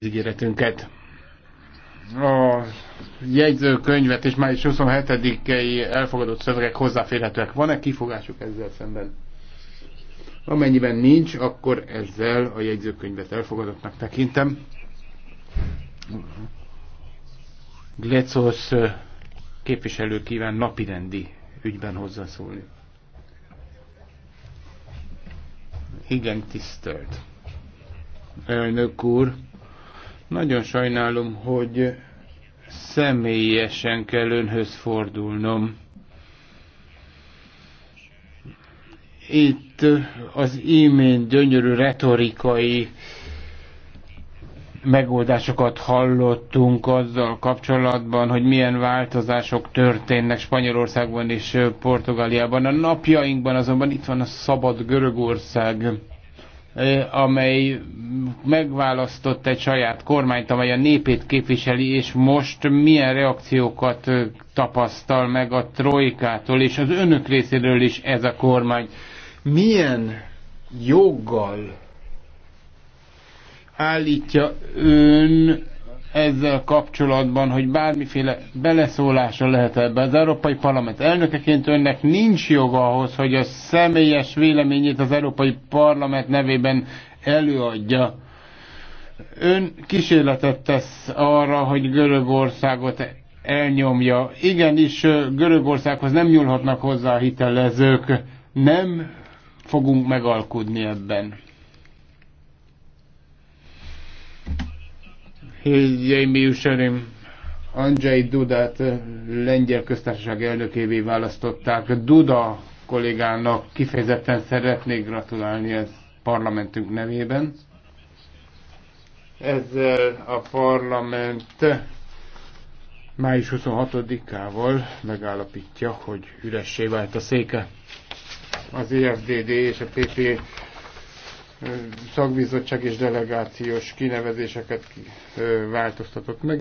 ígéretünket. A jegyzőkönyvet és május 27-i elfogadott szövegek hozzáférhetőek. Van-e kifogásuk ezzel szemben? Amennyiben nincs, akkor ezzel a jegyzőkönyvet elfogadottnak tekintem. Glecos képviselő kíván napirendi ügyben hozzászólni. Igen, tisztelt. Elnök úr, nagyon sajnálom, hogy személyesen kell önhöz fordulnom. Itt az imént gyönyörű retorikai megoldásokat hallottunk azzal kapcsolatban, hogy milyen változások történnek Spanyolországban és Portugáliában. A napjainkban azonban itt van a szabad Görögország amely megválasztott egy saját kormányt, amely a népét képviseli, és most milyen reakciókat tapasztal meg a trojkától, és az önök részéről is ez a kormány. Milyen joggal állítja ön ezzel kapcsolatban, hogy bármiféle beleszólása lehet ebbe. Az Európai Parlament elnökeként önnek nincs joga ahhoz, hogy a személyes véleményét az Európai Parlament nevében előadja. Ön kísérletet tesz arra, hogy Görögországot elnyomja. Igenis, Görögországhoz nem nyúlhatnak hozzá a hitelezők. Nem fogunk megalkudni ebben. Hölgyeim és Andrzej Dudát eh, lengyel köztársaság elnökévé választották. Duda kollégának kifejezetten szeretnék gratulálni ez parlamentünk nevében. Ezzel a parlament május 26-ával megállapítja, hogy üressé vált a széke. Az IFDD és a PP szakbizottság és delegációs kinevezéseket változtatott meg.